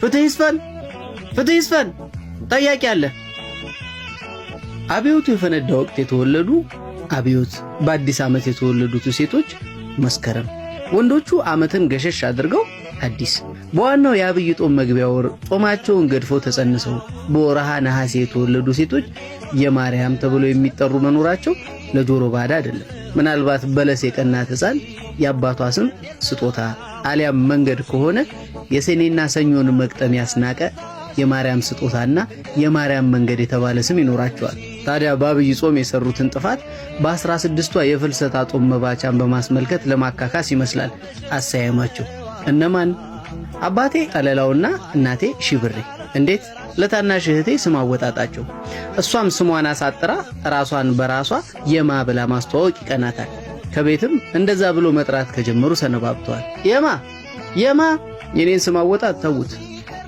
ፍትህ ይስፈን፣ ፍትህ ይስፈን። ጠያቂ አለ። አብዮቱ የፈነዳ ወቅት የተወለዱ አብዮት በአዲስ ዓመት የተወለዱት ሴቶች መስከረም፣ ወንዶቹ ዓመትን ገሸሽ አድርገው አዲስ በዋናው የአብይ ጦም መግቢያ ወር ጾማቸውን ገድፈው ተጸንሰው በወረሃ ነሐሴ የተወለዱ ሴቶች የማርያም ተብለው የሚጠሩ መኖራቸው ለጆሮ ባዳ አይደለም። ምናልባት በለስ የቀናት ሕፃን የአባቷ ስም ስጦታ አሊያም መንገድ ከሆነ የሰኔና ሰኞን መቅጠም ያስናቀ የማርያም ስጦታና የማርያም መንገድ የተባለ ስም ይኖራቸዋል። ታዲያ በአብይ ጾም የሰሩትን ጥፋት በአስራ ስድስቷ የፍልሰታ ጾም መባቻን በማስመልከት ለማካካስ ይመስላል አሰያየማቸው እነማን አባቴ ጠለላውና እናቴ ሽብሬ እንዴት ለታናሽ እህቴ ስም አወጣጣቸው። እሷም ስሟን አሳጥራ ራሷን በራሷ የማ ብላ ማስተዋወቅ ይቀናታል። ከቤትም እንደዛ ብሎ መጥራት ከጀመሩ ሰነባብተዋል። የማ የማ የኔን ስም አወጣት ተዉት።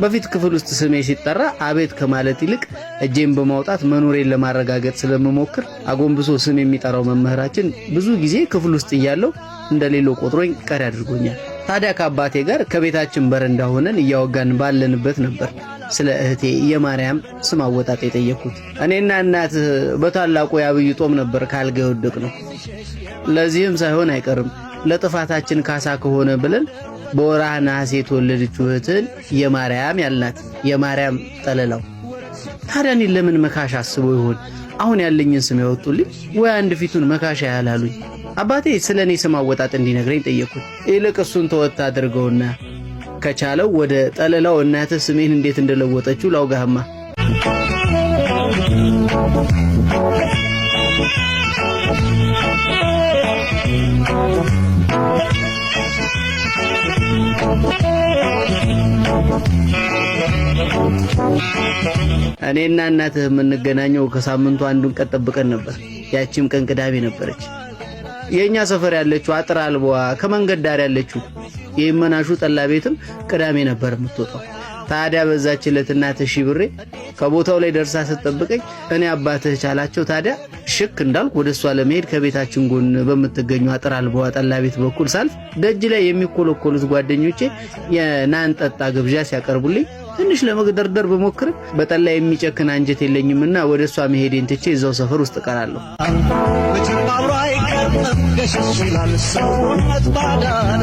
በፊት ክፍል ውስጥ ስሜ ሲጠራ አቤት ከማለት ይልቅ እጄን በማውጣት መኖሬን ለማረጋገጥ ስለምሞክር አጎንብሶ ስም የሚጠራው መምህራችን ብዙ ጊዜ ክፍል ውስጥ እያለው እንደሌለው ቆጥሮኝ ቀሪ አድርጎኛል። ታዲያ ከአባቴ ጋር ከቤታችን በረንዳ ሆነን እያወጋን ባለንበት ነበር ስለ እህቴ የማርያም ስም አወጣጥ የጠየቅኩት። እኔና እናት በታላቁ የአብይ ጦም ነበር ካልጋ የወደቅ ነው። ለዚህም ሳይሆን አይቀርም ለጥፋታችን ካሳ ከሆነ ብለን በወርሃ ነሐሴ የተወለደችው እህትህን የማርያም ያልናት የማርያም ጠለላው። ታዲያ እኔ ለምን መካሽ አስቦ ይሆን? አሁን ያለኝን ስም ያወጡልኝ ወይ አንድ ፊቱን መካሻ ያላሉኝ። አባቴ ስለ እኔ ስም አወጣጥ እንዲነግረኝ ጠየቅኩት። ይልቅ እሱን ተወት አድርገውና ከቻለው ወደ ጠለላው እናትህ ስሜን እንዴት እንደለወጠችው ላውጋህማ እኔና እናትህ የምንገናኘው ከሳምንቱ አንዱን ቀን ጠብቀን ነበር። ያቺም ቀን ቅዳሜ ነበረች። የእኛ ሰፈር ያለችው አጥር አልቧ ከመንገድ ዳር ያለችው የይመናሹ ጠላ ቤትም ቅዳሜ ነበር የምትወጣው። ታዲያ በዛች ዕለት እናትህ ብሬ ከቦታው ላይ ደርሳ ስትጠብቀኝ እኔ አባትህ ቻላቸው ታዲያ ሽክ እንዳልኩ ወደ እሷ ለመሄድ ከቤታችን ጎን በምትገኙ አጥር አልቧ ጠላ ቤት በኩል ሳልፍ ደጅ ላይ የሚኮለኮሉት ጓደኞቼ የናንጠጣ ግብዣ ሲያቀርቡልኝ ትንሽ ለመግደርደር ብሞክርም በጠላ የሚጨክን አንጀት የለኝምና ወደ እሷ መሄዴን ትቼ እዛው ሰፈር ውስጥ እቀራለሁ። ሰውነት ባዳነ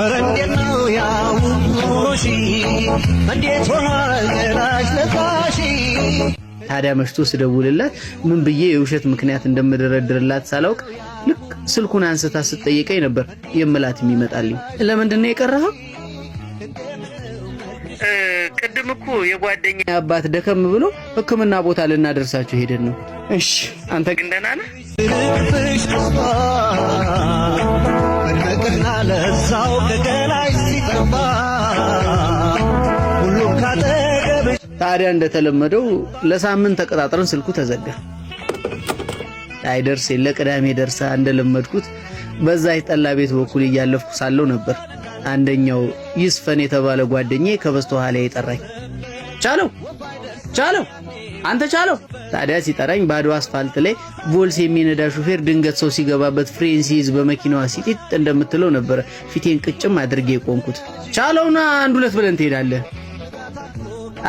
ኧረ እንዴት ነው እንዴት ታዲያ መሽቶ ስደውልላት ምን ብዬ የውሸት ምክንያት እንደምደረድርላት ሳላውቅ ልክ ስልኩን አንስታ ስትጠይቀኝ ነበር የምላት የሚመጣልኝ። ለምንድን ነው የቀረኸው? ቅድም እኮ የጓደኛ አባት ደከም ብሎ ሕክምና ቦታ ልናደርሳቸው ሄደን ነው። እሺ፣ አንተ ግን ደህና ነህ? ታዲያ እንደተለመደው ለሳምንት ተቀጣጥረን ስልኩ ተዘጋ። አይደርስ የለ ቅዳሜ ደርሳ እንደለመድኩት በዛ ጠላ ቤት በኩል እያለፍኩ ሳለው ነበር አንደኛው ይስፈን የተባለ ጓደኛዬ ከበስተኋላ የጠራኝ ቻለው ቻለው አንተ ቻለው። ታዲያ ሲጠራኝ ባዶ አስፋልት ላይ ቮልስ የሚነዳ ሹፌር ድንገት ሰው ሲገባበት ፍሬን ሲይዝ በመኪናዋ ሲጢጥ እንደምትለው ነበረ ፊቴን ቅጭም አድርጌ የቆምኩት። ቻለውና አንድ ሁለት ብለን ትሄዳለህ።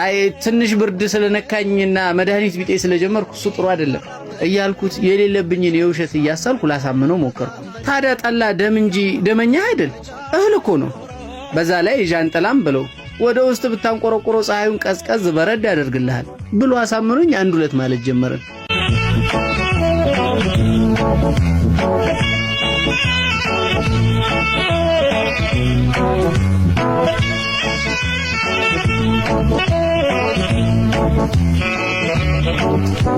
አይ ትንሽ ብርድ ስለነካኝና መድኃኒት ቢጤ ስለጀመርኩ እሱ ጥሩ አይደለም። እያልኩት የሌለብኝን የውሸት እያሳልኩ ላሳምነው ሞከርኩ። ታዲያ ጠላ ደም እንጂ ደመኛ አይደል፣ እህል እኮ ነው። በዛ ላይ ዣንጥላም ብለው ወደ ውስጥ ብታንቆረቆሮ ፀሐዩን ቀዝቀዝ በረድ ያደርግልሃል ብሎ አሳምኖኝ አንድ ሁለት ማለት ጀመርን።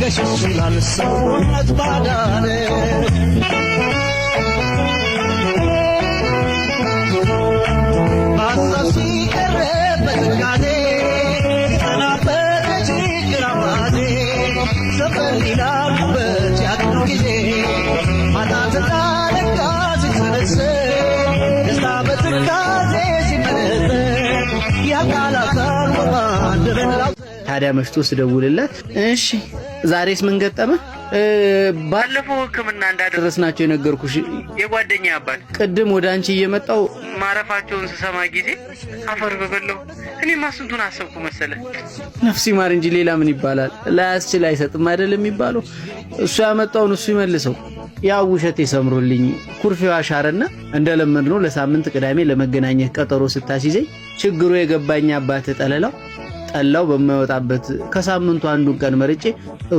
ገሸሽ ይላል ሰውነት ባዳነ ባሳብ ሲቀረ በትካዜ ተናፈቀች ግራማዜ ዘፈን ይላሉበት ያቅኑ ጊዜ ማታንስታ ነጋ ሲሰነሰር ደስታ በትካዜ ሲመነዘር የአካል አካል ወባ ታዲያ መሽቶ ስደውልላት፣ እሺ ዛሬስ ምን ገጠመ? ባለፈው ሕክምና እንዳደረስናቸው የነገርኩሽ የጓደኛ አባት ቅድም ወደ አንቺ እየመጣው ማረፋቸውን ስሰማ ጊዜ አፈር በበለው። እኔ ማስንቱን አሰብኩ መሰለ። ነፍሲ ማር እንጂ ሌላ ምን ይባላል? ላያስችል አይሰጥም አይደል የሚባለው። እሱ ያመጣውን እሱ ይመልሰው። ያ ውሸት የሰምሮልኝ ኩርፌዋ አሻረና እንደለመድነው ለሳምንት ቅዳሜ ለመገናኘት ቀጠሮ ስታስይዘኝ ችግሩ የገባኝ አባት ጠለላው ጠላው በማይወጣበት ከሳምንቱ አንዱን ቀን መርጬ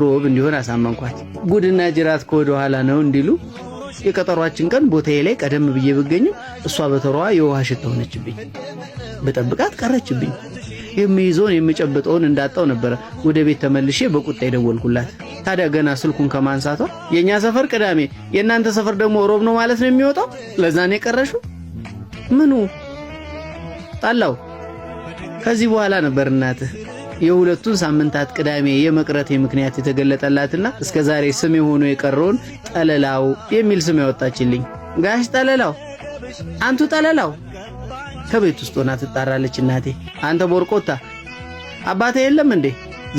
ሮብ እንዲሆን አሳመንኳት። ጉድና ጅራት ከወደ ኋላ ነው እንዲሉ የቀጠሯችን ቀን ቦታዬ ላይ ቀደም ብዬ ብገኝም እሷ በተሯ የውሃ ሽታ ሆነችብኝ። በጠብቃት ቀረችብኝ። የሚይዘውን የሚጨብጠውን እንዳጣው ነበረ። ወደ ቤት ተመልሼ በቁጣ የደወልኩላት። ታዲያ ገና ስልኩን ከማንሳቷ የእኛ ሰፈር ቅዳሜ የእናንተ ሰፈር ደግሞ ሮብ ነው ማለት ነው የሚወጣው። ለዛኔ ቀረሹ ምኑ ጣላው ከዚህ በኋላ ነበር እናትህ የሁለቱን ሳምንታት ቅዳሜ የመቅረቴ ምክንያት የተገለጠላትና እስከ ዛሬ ስም የሆኑ የቀረውን ጠለላው የሚል ስም ያወጣችልኝ። ጋሽ ጠለላው፣ አንቱ ጠለላው ከቤት ውስጥ ሆና ትጣራለች። እናቴ አንተ ቦርቆታ አባቴ የለም እንዴ?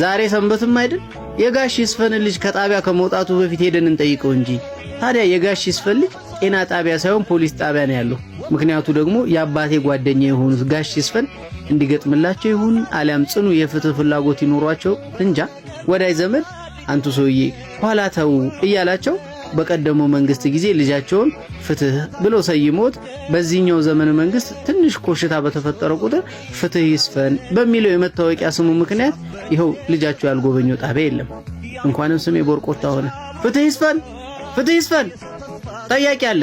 ዛሬ ሰንበትም አይደል? የጋሽ ይስፈን ልጅ ከጣቢያ ከመውጣቱ በፊት ሄደን እንጠይቀው እንጂ። ታዲያ የጋሽ ይስፈን ልጅ ጤና ጣቢያ ሳይሆን ፖሊስ ጣቢያ ነው ያለው። ምክንያቱ ደግሞ የአባቴ ጓደኛ የሆኑት ጋሽ ሲስፈን እንዲገጥምላቸው ይሁን አሊያም ጽኑ የፍትህ ፍላጎት ይኖሯቸው እንጃ ወዳጅ ዘመድ አንቱ ሰውዬ ኋላ ተው እያላቸው በቀደመው መንግስት ጊዜ ልጃቸውን ፍትህ ብሎ ሰይሞት በዚህኛው ዘመን መንግስት ትንሽ ኮሽታ በተፈጠረ ቁጥር ፍትህ ይስፈን በሚለው የመታወቂያ ስሙ ምክንያት ይኸው ልጃቸው ያልጎበኘው ጣቢያ የለም። እንኳንም ስሜ ቦርቆታ ሆነ። ፍትህ ይስፈን፣ ፍትህ ይስፈን፣ ጠያቂ አለ።